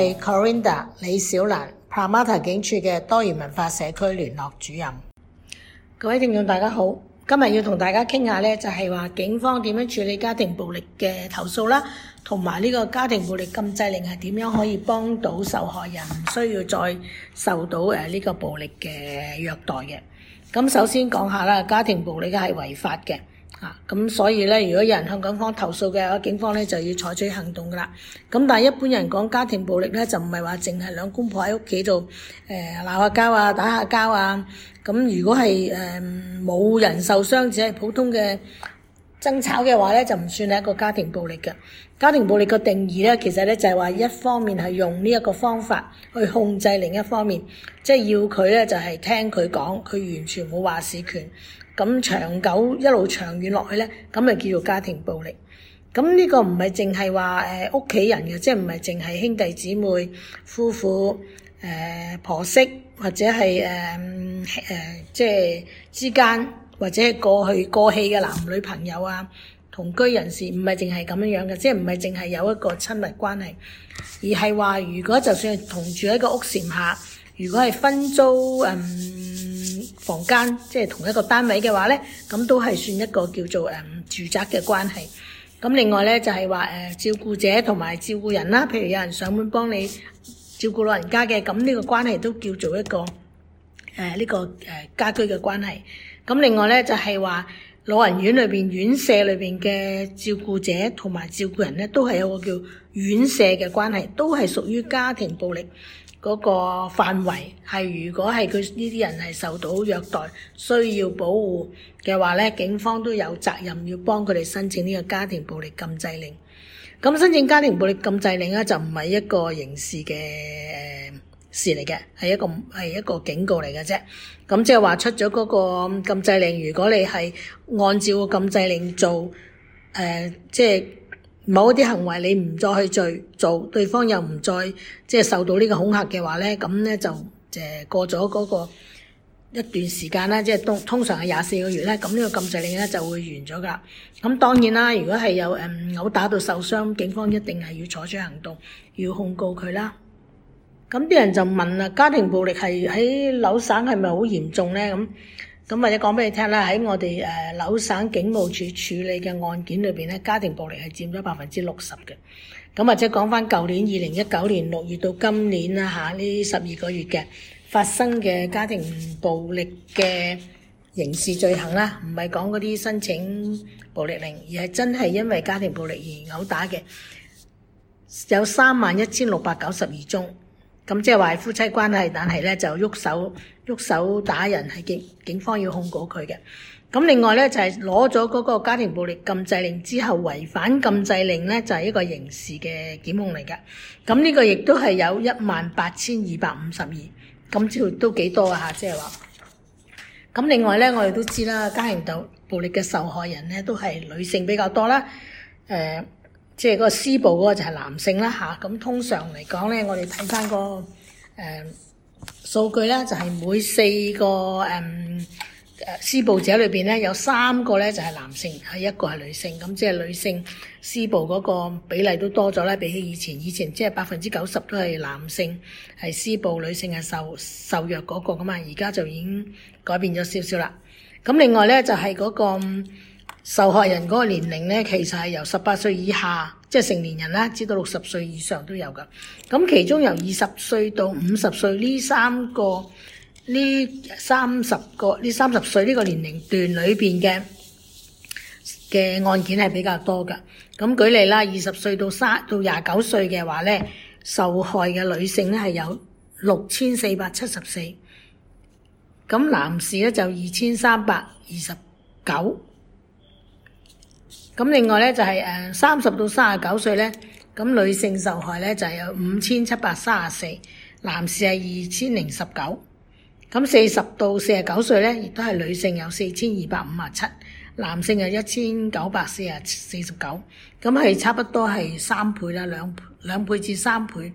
係 Corinda 李小蘭 Parramatta 警署嘅多元文化社區聯絡主任。各位聽眾大家好，今日要同大家傾下咧，就係話警方點樣處理家庭暴力嘅投訴啦，同埋呢個家庭暴力禁制令係點樣可以幫到受害人，唔需要再受到誒呢個暴力嘅虐待嘅。咁首先講下啦，家庭暴力梗係違法嘅。啊，咁所以咧，如果有人向警方投訴嘅，警方咧就要採取行動噶啦。咁但係一般人講家庭暴力咧，就唔係話淨係兩公婆喺屋企度誒鬧下交啊、打下交啊。咁、嗯、如果係誒冇人受傷，只係普通嘅爭吵嘅話咧，就唔算係一個家庭暴力嘅。家庭暴力個定義咧，其實咧就係、是、話一方面係用呢一個方法去控制另一方面，即係要佢咧就係、是、聽佢講，佢完全冇話事權。咁長久一路長遠落去咧，咁咪叫做家庭暴力。咁呢個唔係淨係話誒屋企人嘅，即係唔係淨係兄弟姊妹、夫婦、誒、呃、婆媳，或者係誒誒即係之間，或者係過去過氣嘅男女朋友啊，同居人士，唔係淨係咁樣樣嘅，即係唔係淨係有一個親密關係，而係話如果就算係同住喺個屋檐下，如果係分租嗯，呃房間即係同一個單位嘅話咧，咁都係算一個叫做誒、呃、住宅嘅關係。咁另外咧就係話誒照顧者同埋照顧人啦，譬如有人上門幫你照顧老人家嘅，咁呢個關係都叫做一個誒呢、呃呢個誒、呃、家居嘅關係。咁另外咧就係、是、話老人院裏邊院舍裏邊嘅照顧者同埋照顧人咧，都係有個叫院舍嘅關係，都係屬於家庭暴力。嗰個範圍係，如果係佢呢啲人係受到虐待，需要保護嘅話咧，警方都有責任要幫佢哋申請呢個家庭暴力禁制令。咁申請家庭暴力禁制令咧，就唔係一個刑事嘅事嚟嘅，係一個係一個警告嚟嘅啫。咁即係話出咗嗰個禁制令，如果你係按照禁制令做，誒、呃、即係。某一啲行為你唔再去做，做對方又唔再即係受到呢個恐嚇嘅話咧，咁咧就誒過咗嗰個一段時間啦，即係都通常係廿四個月咧，咁呢個禁制令咧就會完咗㗎。咁當然啦，如果係有誒毆、嗯、打到受傷，警方一定係要採取行動，要控告佢啦。咁啲人就問啦，家庭暴力係喺紐省係咪好嚴重咧？咁。咁或者講俾你聽啦，喺我哋誒紐省警務處處理嘅案件裏邊咧，家庭暴力係佔咗百分之六十嘅。咁或者講返舊年二零一九年六月到今年啦，嚇呢十二個月嘅發生嘅家庭暴力嘅刑事罪行啦，唔係講嗰啲申請暴力令，而係真係因為家庭暴力而毆打嘅，有三萬一千六百九十二宗。咁即係話係夫妻關係，但係咧就喐手喐手打人係警警方要控告佢嘅。咁另外咧就係攞咗嗰個家庭暴力禁制令之後違反禁制令咧就係一個刑事嘅檢控嚟嘅。咁呢個亦都係有一萬八千二百五十二，咁就都幾多啊嚇！即係話，咁另外咧我哋都知啦，家庭就暴力嘅受害人咧都係女性比較多啦，誒、呃。即係個施暴嗰個就係男性啦吓，咁、啊、通常嚟講咧，我哋睇翻個誒、呃、數據咧，就係、是、每四個誒誒施暴者裏邊咧，有三個咧就係、是、男性，係一個係女性，咁即係女性施暴嗰個比例都多咗啦，比起以前，以前即係百分之九十都係男性係施暴，e、bol, 女性係受受弱嗰、那個噶嘛，而家就已經改變咗少少啦。咁另外咧就係、是、嗰、那個，受害人嗰個年齡咧，其實係由十八歲以下，即係成年人啦，至到六十歲以上都有㗎。咁其中由二十歲到五十歲呢三個呢三十個呢三十歲呢個年齡段裏邊嘅嘅案件係比較多㗎。咁舉例啦，二十歲到三到廿九歲嘅話咧，受害嘅女性咧係有六千四百七十四，咁男士咧就二千三百二十九。咁另外咧就係誒三十到三十九歲咧，咁女性受害咧就係有五千七百三十四，男士係二千零十九。咁四十到四十九歲咧，亦都係女性有四千二百五十七，男性係一千九百四呀四十九。咁係差不多係三倍啦，兩兩倍至三倍，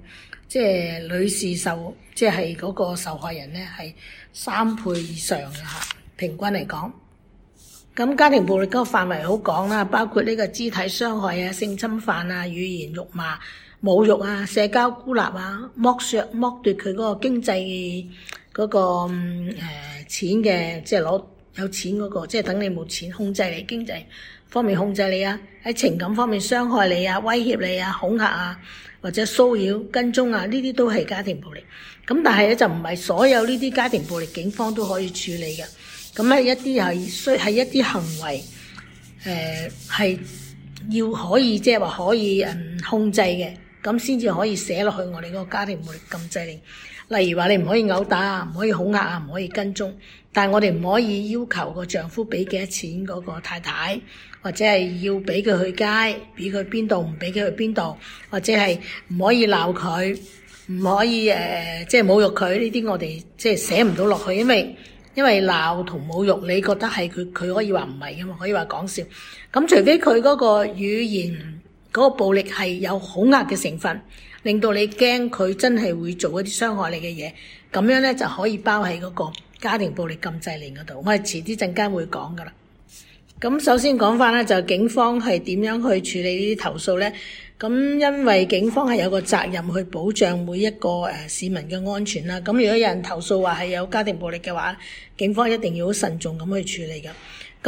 即係女士受，即係嗰個受害人咧係三倍以上嘅嚇，平均嚟講。咁家庭暴力嗰範圍好廣啦，包括呢個肢體傷害啊、性侵犯啊、語言辱罵、侮辱啊、社交孤立啊、剝削剝奪佢嗰個經濟嗰個、呃、錢嘅，即係攞有錢嗰個，即係等你冇錢控制你經濟方面控制你啊，喺情感方面傷害你啊、威脅你啊、恐嚇啊，或者騷擾跟蹤啊，呢啲都係家庭暴力。咁但係咧就唔係所有呢啲家庭暴力，警方都可以處理嘅。咁咧一啲係需係一啲行為，誒、呃、係要可以即係話可以嗯控制嘅，咁先至可以寫落去我哋個家庭暴力禁制令。例如話你唔可以毆打啊，唔可以恐嚇啊，唔可以跟蹤。但係我哋唔可以要求個丈夫俾幾多錢嗰個太太，或者係要俾佢去街，俾佢邊度唔俾佢去邊度，或者係唔可以鬧佢，唔可以誒即係侮辱佢。呢啲我哋即係寫唔到落去，因為。因為鬧同侮辱，你覺得係佢佢可以話唔係嘅嘛？可以話講笑。咁除非佢嗰個語言嗰個暴力係有恐嚇嘅成分，令到你驚佢真係會做一啲傷害你嘅嘢，咁樣咧就可以包喺嗰個家庭暴力禁制令嗰度。我係遲啲陣間會講噶啦。咁首先講翻咧，就警方係點樣去處理呢啲投訴咧？咁因為警方係有個責任去保障每一個誒市民嘅安全啦。咁如果有人投訴話係有家庭暴力嘅話，警方一定要好慎重咁去處理噶。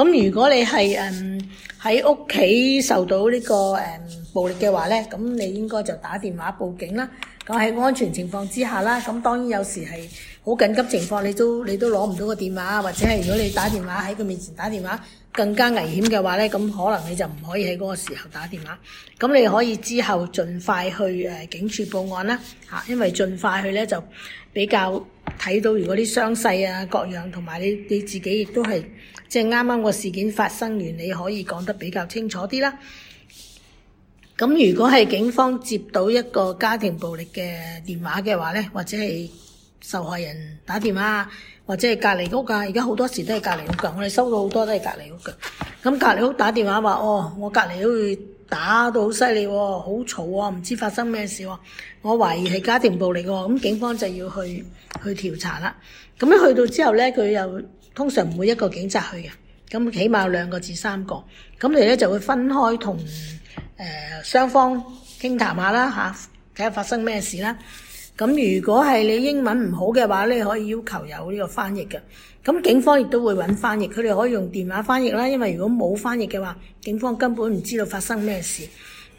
咁如果你係誒喺屋企受到呢個誒暴力嘅話咧，咁你應該就打電話報警啦。咁喺安全情況之下啦，咁當然有時係好緊急情況，你都你都攞唔到個電話，或者係如果你打電話喺佢面前打電話。更加危險嘅話呢，咁可能你就唔可以喺嗰個時候打電話。咁你可以之後盡快去誒、呃、警署報案啦，嚇！因為盡快去呢就比較睇到如果啲傷勢啊各樣，同埋你你自己亦都係即係啱啱個事件發生完，你可以講得比較清楚啲啦。咁如果係警方接到一個家庭暴力嘅電話嘅話呢，或者係受害人打電話。或者係隔離屋㗎、啊，而家好多時都係隔離屋㗎。我哋收到好多都係隔離屋㗎。咁隔離屋打電話話，哦，我隔離屋打到好犀利喎，好嘈啊，唔知發生咩事喎、啊。我懷疑係家庭暴力喎。咁警方就要去去調查啦。咁一去到之後呢，佢又通常唔會一個警察去嘅，咁起碼有兩個至三個，咁你咧就會分開同誒、呃、雙方傾談，談下啦嚇，睇、啊、下發生咩事啦。咁如果係你英文唔好嘅話咧，你可以要求有呢個翻譯嘅。咁警方亦都會揾翻譯，佢哋可以用電話翻譯啦。因為如果冇翻譯嘅話，警方根本唔知道發生咩事。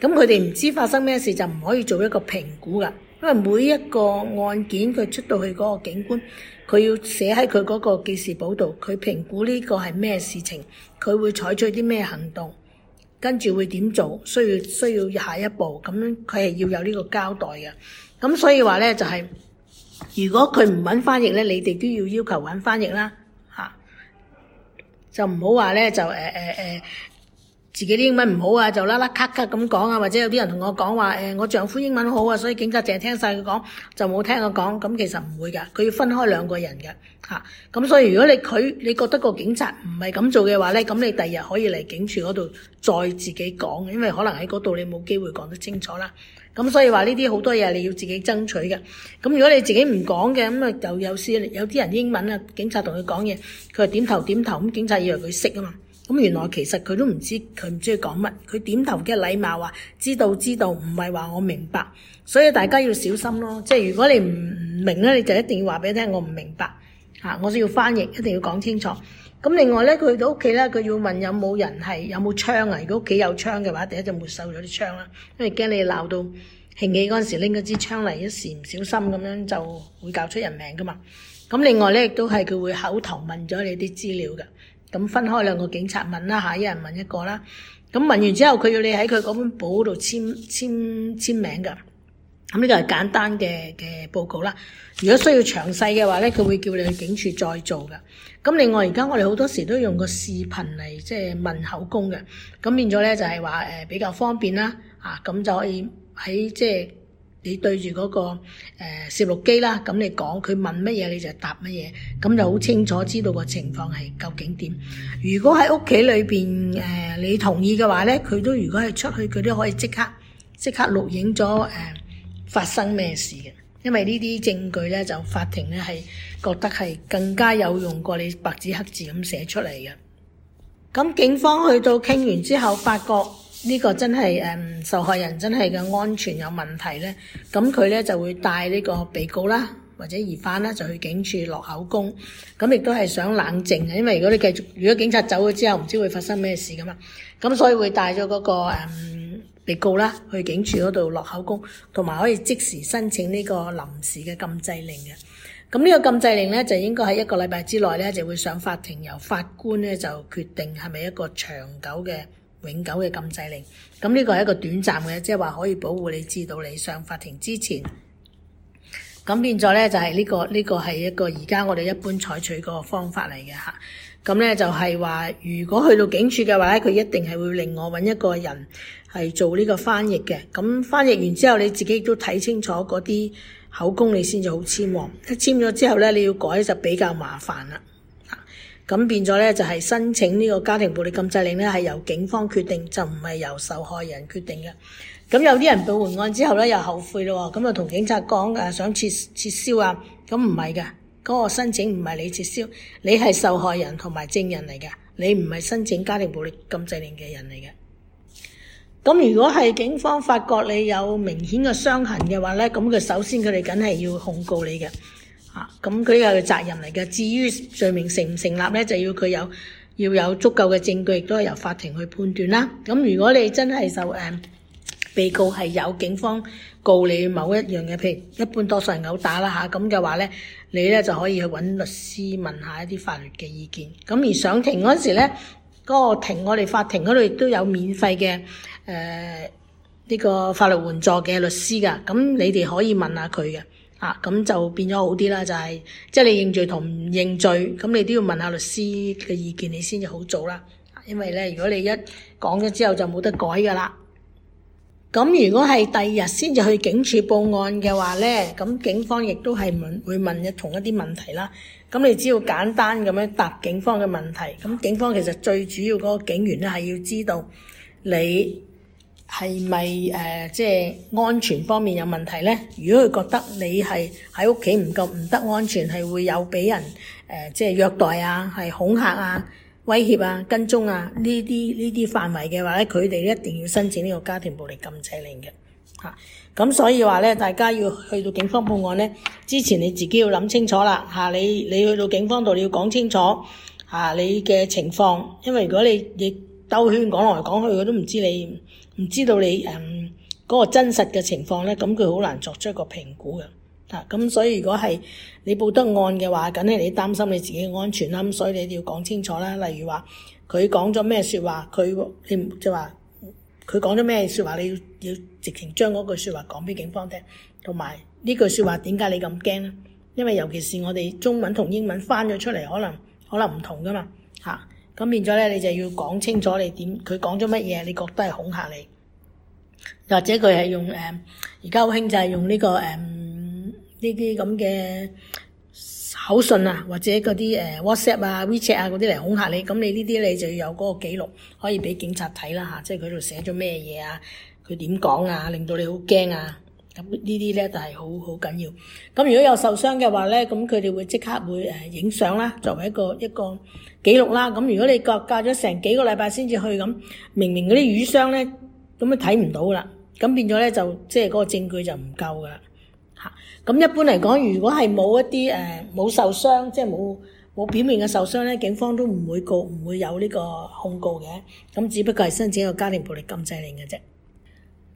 咁佢哋唔知發生咩事就唔可以做一個評估㗎。因為每一個案件佢出到去嗰個警官，佢要寫喺佢嗰個記事簿度，佢評估呢個係咩事情，佢會採取啲咩行動，跟住會點做，需要需要下一步咁，佢係要有呢個交代嘅。咁所以話咧，就係、是、如果佢唔揾翻譯咧，你哋都要要求揾翻譯啦，嚇、啊，就唔好話咧，就誒誒誒。呃呃自己啲英文唔好啊，就啦啦咔咔咁講啊，或者有啲人同我講話誒，我丈夫英文好啊，所以警察淨係聽晒佢講，就冇聽我講。咁、嗯、其實唔會㗎，佢要分開兩個人嘅嚇。咁、啊嗯、所以如果你佢你覺得個警察唔係咁做嘅話咧，咁、嗯、你第二日可以嚟警署嗰度再自己講，因為可能喺嗰度你冇機會講得清楚啦。咁、嗯、所以話呢啲好多嘢你要自己爭取嘅。咁、嗯嗯、如果你自己唔講嘅，咁、嗯、啊就有時有啲人英文啊，警察同佢講嘢，佢係點頭點頭咁，警察以為佢識啊嘛。咁原來其實佢都唔知，佢唔知佢講乜，佢點頭嘅禮貌話知道知道，唔係話我明白，所以大家要小心咯。即係如果你唔明咧，你就一定要話俾佢聽，我唔明白吓，我都要翻譯，一定要講清楚。咁、啊、另外咧，佢去到屋企咧，佢要問有冇人係有冇槍啊？如果屋企有槍嘅話，第一就沒收咗啲槍啦，因為驚你鬧到興起嗰陣時拎嗰支槍嚟，一時唔小心咁樣就會搞出人命噶嘛。咁、啊、另外咧，亦都係佢會口頭問咗你啲資料噶。咁分開兩個警察問啦吓，一人問一個啦。咁問完之後，佢要你喺佢嗰本簿度簽簽簽名㗎。咁呢個係簡單嘅嘅報告啦。如果需要詳細嘅話咧，佢會叫你去警署再做嘅。咁另外而家我哋好多時都用個視頻嚟即係問口供嘅。咁變咗咧就係話誒比較方便啦。啊咁就可以喺即係。你對住嗰，那個誒攝錄機啦，咁你講，佢問乜嘢你就答乜嘢，咁就好清楚知道個情況係究竟點。如果喺屋企裏邊誒你同意嘅話咧，佢都如果係出去佢都可以即刻即刻錄影咗誒，呃、發生咩事嘅，因為呢啲證據咧就法庭咧係覺得係更加有用過你白紙黑字咁寫出嚟嘅。咁警方去到傾完之後，發覺。呢個真係誒、嗯、受害人真係嘅安全有問題咧，咁佢咧就會帶呢個被告啦，或者疑犯啦，就去警署落口供。咁亦都係想冷靜嘅，因為如果你繼續，如果警察走咗之後，唔知會發生咩事㗎嘛。咁所以會帶咗嗰個、嗯、被告啦，去警署嗰度落口供，同埋可以即時申請呢個臨時嘅禁制令嘅。咁呢個禁制令咧，就應該喺一個禮拜之內咧，就會上法庭由法官咧就決定係咪一個長久嘅。永久嘅禁制令，咁呢個係一個短暫嘅，即係話可以保護你，知道你上法庭之前。咁變咗呢，就係呢個，呢個係一個而家我哋一般採取個方法嚟嘅嚇。咁呢就係話，如果去到警署嘅話呢，佢一定係會令我揾一個人係做呢個翻譯嘅。咁翻譯完之後，你自己都睇清楚嗰啲口供，你先至好簽喎。一簽咗之後呢，你要改就比較麻煩啦。咁變咗咧，就係申請呢個家庭暴力禁制令咧，係由警方決定，就唔係由受害人決定嘅。咁有啲人報案之後咧，又後悔咯，咁啊同警察講啊，想撤撤銷啊，咁唔係嘅，嗰個申請唔係你撤銷，你係受害人同埋證人嚟嘅，你唔係申請家庭暴力禁制令嘅人嚟嘅。咁如果係警方發覺你有明顯嘅傷痕嘅話咧，咁佢首先佢哋梗係要控告你嘅。啊，咁佢有個責任嚟嘅。至於罪名成唔成立咧，就要佢有要有足夠嘅證據，亦都係由法庭去判斷啦。咁、啊、如果你真係受誒、嗯、被告係有警方告你某一樣嘢，譬如一般多數人毆打啦吓，咁、啊、嘅話咧，你咧就可以去搵律師問一下一啲法律嘅意見。咁、啊、而上庭嗰時咧，嗰、嗰個庭我哋法庭嗰度都有免費嘅誒呢個法律援助嘅律師噶，咁你哋可以問下佢嘅。啊，咁就變咗好啲啦，就係、是、即係你認罪同唔認罪，咁你都要問下律師嘅意見，你先至好做啦。因為咧，如果你一講咗之後就冇得改噶啦。咁如果係第二日先至去警署報案嘅話咧，咁警方亦都係問，會問一同一啲問題啦。咁你只要簡單咁樣答警方嘅問題，咁警方其實最主要嗰個警員咧係要知道你。係咪誒，即係安全方面有問題咧？如果佢覺得你係喺屋企唔夠唔得安全，係會有俾人誒、呃，即係虐待啊，係恐嚇啊、威脅啊、跟蹤啊呢啲呢啲範圍嘅話咧，佢哋一定要申請呢個家庭暴力禁制令嘅嚇。咁、啊、所以話咧，大家要去到警方報案咧之前，你自己要諗清楚啦嚇、啊。你你去到警方度，你要講清楚嚇、啊、你嘅情況，因為如果你亦兜圈講來講去，我都唔知你。唔知道你誒嗰、嗯那個真實嘅情況咧，咁佢好難作出一個評估嘅。啊，咁所以如果係你報得案嘅話，梗係你擔心你自己嘅安全啦。咁所以你要講清楚啦。例如話佢講咗咩説話，佢你即係話佢講咗咩説話，你要要直情將嗰句説話講俾警方聽。同埋呢句説話點解你咁驚咧？因為尤其是我哋中文同英文翻咗出嚟，可能可能唔同噶嘛，嚇、啊。咁變咗咧，你就要講清楚你點佢講咗乜嘢，你覺得係恐嚇你，或者佢係用誒而家好興就係用呢個誒呢啲咁嘅口信啊，或者嗰啲誒 WhatsApp 啊、WeChat 啊嗰啲嚟恐嚇你。咁你呢啲你就要有嗰個記錄，可以俾警察睇啦吓，啊，即係佢度寫咗咩嘢啊，佢點講啊，令到你好驚啊！呢啲咧就係好好緊要。咁如果有受傷嘅話咧，咁佢哋會即刻會誒影相啦，作為一個一個記錄啦。咁如果你隔隔咗成幾個禮拜先至去咁，咁明明嗰啲瘀傷咧，咁都睇唔到啦。咁變咗咧就即係嗰個證據就唔夠噶。嚇，咁一般嚟講，如果係冇一啲誒冇受傷，即係冇冇表面嘅受傷咧，警方都唔會告，唔會有呢個控告嘅。咁只不過係申請一個家庭暴力禁制令嘅啫。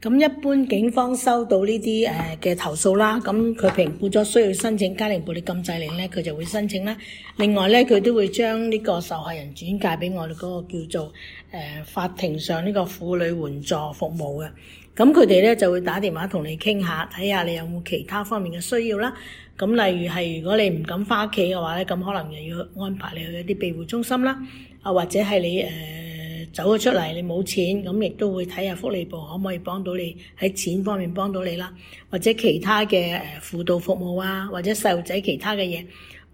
咁一般警方收到呢啲誒嘅投訴啦，咁佢評估咗需要申請家庭暴力禁制令咧，佢就會申請啦。另外咧，佢都會將呢個受害人轉介俾我哋嗰個叫做誒、uh, 法庭上呢個婦女援助服務嘅。咁佢哋咧就會打電話同你傾下，睇下你有冇其他方面嘅需要啦。咁例如係如果你唔敢翻屋企嘅話咧，咁可能又要安排你去一啲庇護中心啦，啊或者係你誒。Uh, 走咗出嚟，你冇錢，咁亦都會睇下福利部可唔可以幫到你喺錢方面幫到你啦，或者其他嘅誒輔導服務啊，或者細路仔其他嘅嘢，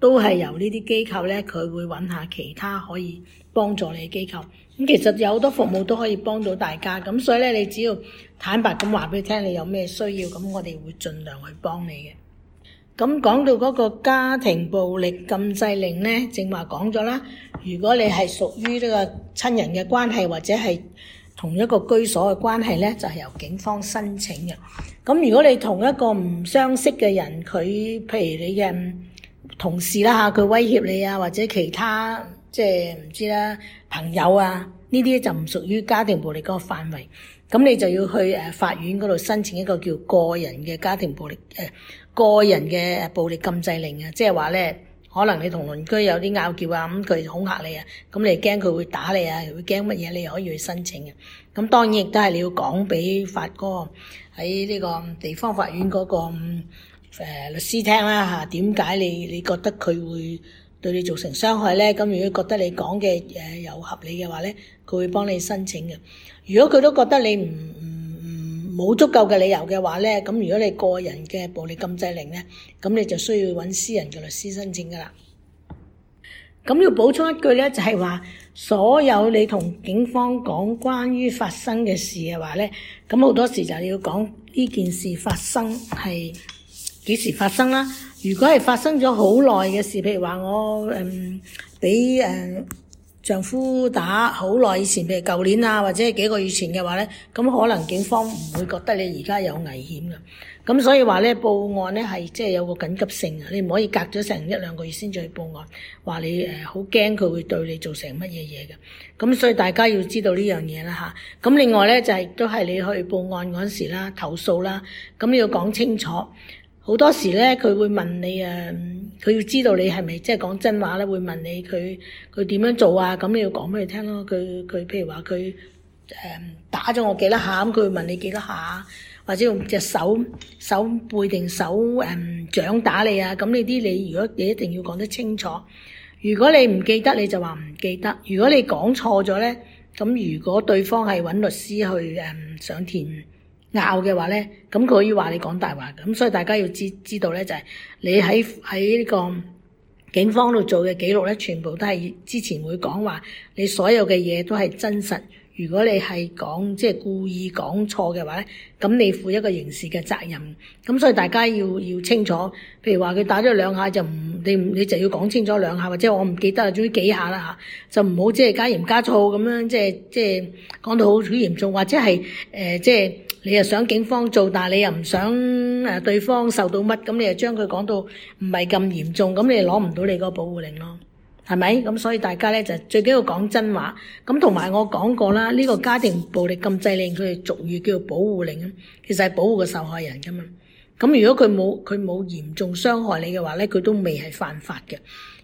都係由呢啲機構咧，佢會揾下其他可以幫助你嘅機構。咁其實有好多服務都可以幫到大家，咁所以咧，你只要坦白咁話俾佢聽，你有咩需要，咁我哋會盡量去幫你嘅。咁講到嗰個家庭暴力禁制令咧，正話講咗啦。如果你係屬於呢個親人嘅關係，或者係同一個居所嘅關係咧，就係由警方申請嘅。咁如果你同一個唔相識嘅人，佢譬如你嘅同事啦吓，佢威脅你啊，或者其他即係唔知啦朋友啊，呢啲就唔屬於家庭暴力嗰個範圍。咁你就要去誒法院嗰度申請一個叫個人嘅家庭暴力誒。個人嘅暴力禁制令啊，即係話咧，可能你同鄰居有啲拗撬啊，咁佢恐嚇你啊，咁你驚佢會打你啊，又會驚乜嘢？你可以去申請嘅、啊。咁當然亦都係你要講俾法哥喺呢個地方法院嗰、那個、呃、律師聽啦、啊、嚇。點解你你覺得佢會對你造成傷害咧？咁如果覺得你講嘅誒有合理嘅話咧，佢會幫你申請嘅。如果佢都覺得你唔，冇足夠嘅理由嘅話呢，咁如果你個人嘅暴力禁制令呢，咁你就需要揾私人嘅律師申請噶啦。咁要補充一句呢，就係話所有你同警方講關於發生嘅事嘅話呢，咁好多時就要講呢件事發生係幾時發生啦。如果係發生咗好耐嘅事，譬如話我誒俾誒。嗯丈夫打好耐以前，譬如舊年啊，或者係幾個月前嘅話咧，咁可能警方唔會覺得你而家有危險噶。咁所以話咧報案咧係即係有個緊急性啊，你唔可以隔咗成一兩個月先再去報案，話你誒好驚佢會對你做成乜嘢嘢嘅。咁所以大家要知道呢樣嘢啦吓。咁另外咧就係都係你去報案嗰陣時啦，投訴啦，咁你要講清楚。好多時咧，佢會問你誒，佢要知道你係咪即係講真話咧，會問你佢佢點樣做啊？咁你要講俾佢聽咯。佢佢譬如話佢誒打咗我幾多下，咁佢會問你幾多下，或者用隻手手背定手誒、嗯、掌打你啊？咁呢啲你如果你一定要講得清楚。如果你唔記得，你就話唔記得。如果你講錯咗咧，咁如果對方係揾律師去誒上、嗯、庭拗嘅話咧，咁佢可以話你講大話嘅，咁所以大家要知知道咧，就係、是、你喺喺呢個警方度做嘅記錄咧，全部都係之前會講話你所有嘅嘢都係真實。如果你係講即係故意講錯嘅話咧，咁你負一個刑事嘅責任。咁所以大家要要清楚，譬如話佢打咗兩下就唔，你你就要講清楚兩下，或者我唔記得啊，總之幾下啦吓，就唔好即係加鹽加醋咁樣、就是，即係即係講到好嚴重，或者係誒即係。呃就是你又想警方做，但係你又唔想誒對方受到乜，咁你又將佢講到唔係咁嚴重，咁你攞唔到你嗰個保護令咯，係咪？咁所以大家咧就最緊要講真話。咁同埋我講過啦，呢個家庭暴力禁制令佢俗語叫做「保護令」，其實係保護個受害人噶嘛。咁如果佢冇佢冇嚴重傷害你嘅話咧，佢都未係犯法嘅。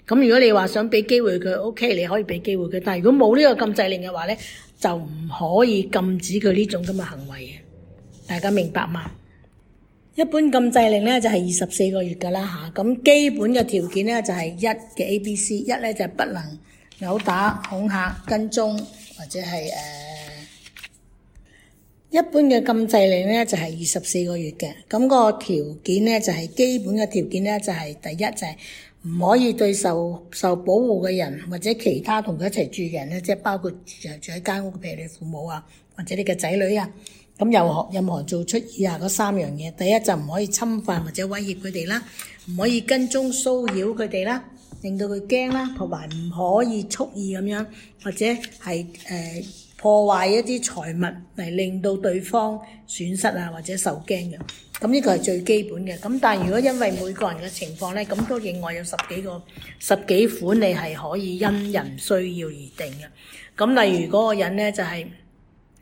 咁如果你話想俾機會佢，OK，你可以俾機會佢。但係如果冇呢個禁制令嘅話咧，就唔可以禁止佢呢種咁嘅行為嘅。大家明白嘛？一般禁制令咧就係二十四個月噶啦吓，咁、啊、基本嘅條件咧就係一嘅 A BC、B、C，一咧就係、是、不能毆打、恐嚇、跟蹤或者係誒、呃，一般嘅禁制令咧就係二十四個月嘅，咁、嗯嗰個條件咧就係、是、基本嘅條件咧就係、是、第一就係、是、唔可以對受受保護嘅人或者其他同佢一齊住嘅人咧，即係包括住住喺間屋，譬如你父母啊，或者你嘅仔女啊。咁又學任何做出以下嗰三樣嘢，第一就唔可以侵犯或者威脅佢哋啦，唔可以跟蹤騷擾佢哋啦，令到佢驚啦，同埋唔可以蓄意咁樣或者係誒破壞一啲財物嚟令到對方損失啊或者受驚嘅。咁呢個係最基本嘅。咁但係如果因為每個人嘅情況咧，咁都另外有十幾個十幾款你係可以因人需要而定嘅。咁例如嗰個人咧就係。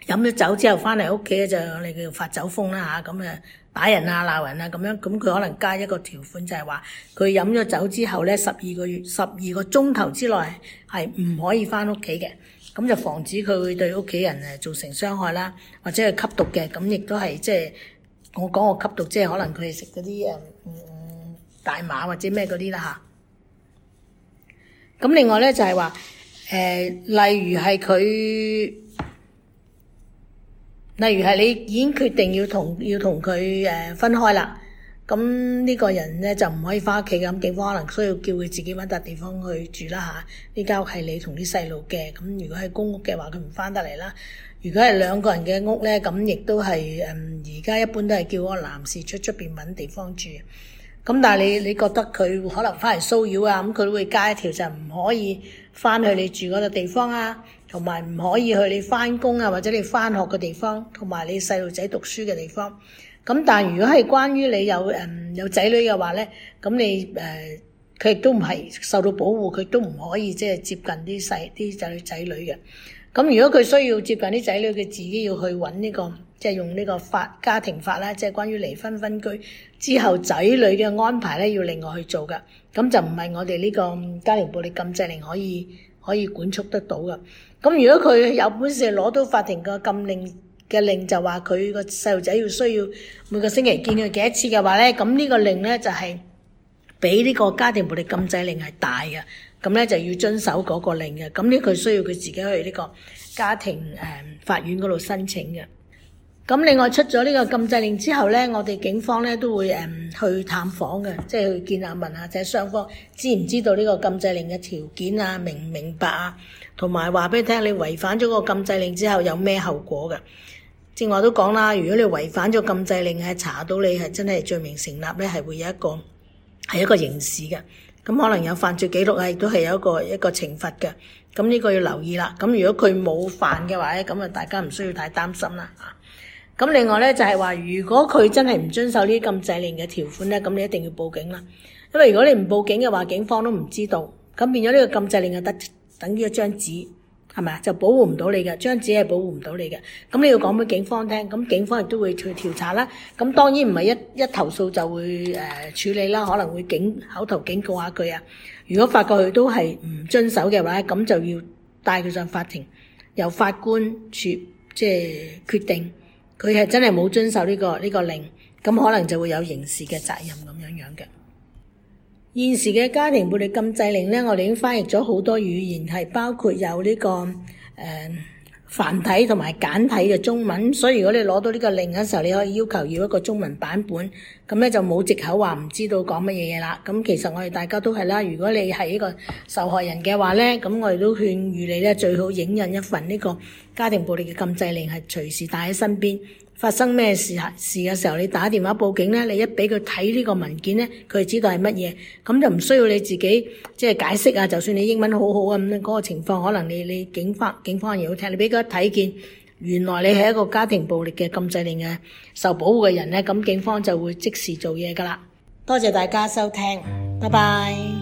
飲咗酒之後翻嚟屋企，就我哋叫發酒瘋啦吓，咁啊打人啊鬧人啊咁樣，咁佢可能加一個條款就係話，佢飲咗酒之後咧十二個月十二個鐘頭之內係唔可以翻屋企嘅，咁就防止佢會對屋企人誒造成傷害啦，或者係吸毒嘅，咁亦都係即係我講個吸毒，即係可能佢係食嗰啲誒嗯大麻或者咩嗰啲啦吓，咁另外咧就係話誒例如係佢。例如係你已經決定要同要同佢誒分開啦，咁呢個人咧就唔可以翻屋企咁，警方可能需要叫佢自己揾笪地方去住啦嚇。呢間屋係你同啲細路嘅，咁如果係公屋嘅話，佢唔翻得嚟啦。如果係兩個人嘅屋咧，咁亦都係誒，而家一般都係叫個男士出出邊揾地方住。咁但係你你覺得佢可能翻嚟騷擾啊，咁佢會加一條就唔可以翻去你住嗰笪地方啊，嗯同埋唔可以去你返工啊，或者你返學嘅地方，同埋你細路仔讀書嘅地方。咁但係如果係關於你有誒有仔女嘅話咧，咁你誒佢亦都唔係受到保護，佢都唔可以即係接近啲細啲仔女仔女嘅。咁如果佢需要接近啲仔女，佢自己要去揾呢個，即係用呢個法家庭法啦，即係關於離婚分居之後仔女嘅安排咧，要另外去做嘅。咁就唔係我哋呢個家庭暴力禁制令可以可以管束得到嘅。咁如果佢有本事攞到法庭個禁令嘅令，就話佢個細路仔要需要每個星期見佢幾多次嘅話咧，咁呢個令咧就係俾呢個家庭暴力禁制令係大嘅，咁咧就要遵守嗰個令嘅，咁呢佢需要佢自己去呢個家庭誒、呃、法院嗰度申請嘅。咁另外出咗呢個禁制令之後呢，我哋警方呢都會誒、嗯、去探訪嘅，即係去見下問下，即係雙方知唔知道呢個禁制令嘅條件啊，明唔明白啊？同埋話俾你聽，你違反咗個禁制令之後有咩後果嘅？正話都講啦，如果你違反咗禁制令啊，查到你係真係罪名成立呢係會有一個係一個刑事嘅。咁可能有犯罪記錄啊，亦都係有一個一個懲罰嘅。咁呢個要留意啦。咁如果佢冇犯嘅話咧，咁啊大家唔需要太擔心啦。咁另外咧就係話，如果佢真係唔遵守呢啲禁制令嘅條款咧，咁你一定要報警啦。因為如果你唔報警嘅話，警方都唔知道，咁變咗呢個禁制令就得等於一張紙，係咪啊？就保護唔到你嘅，張紙係保護唔到你嘅。咁你要講俾警方聽，咁警方亦都會去調查啦。咁當然唔係一一投訴就會誒、呃、處理啦，可能會警口頭警告下佢啊。如果發覺佢都係唔遵守嘅話，咁就要帶佢上法庭，由法官處即係決定。佢係真係冇遵守呢個呢個令，咁可能就會有刑事嘅責任咁樣樣嘅。現時嘅家庭暴力禁制令咧，我哋已經翻譯咗好多語言，係包括有呢個誒。呃繁體同埋簡體嘅中文，所以如果你攞到呢個令嘅時候，你可以要求要一個中文版本，咁咧就冇藉口話唔知道講乜嘢嘢啦。咁其實我哋大家都係啦，如果你係一個受害人嘅話咧，咁我哋都勸喻你咧，最好影印一份呢個家庭暴力嘅禁制令，係隨時帶喺身邊。發生咩事啊事嘅時候，你打電話報警咧，你一俾佢睇呢個文件咧，佢就知道係乜嘢，咁就唔需要你自己即係解釋啊。就算你英文好好啊，咁樣嗰個情況，可能你你警方警方又好聽，你俾佢睇見，原來你係一個家庭暴力嘅禁制令嘅受保護嘅人咧，咁警方就會即時做嘢噶啦。多謝大家收聽，拜拜。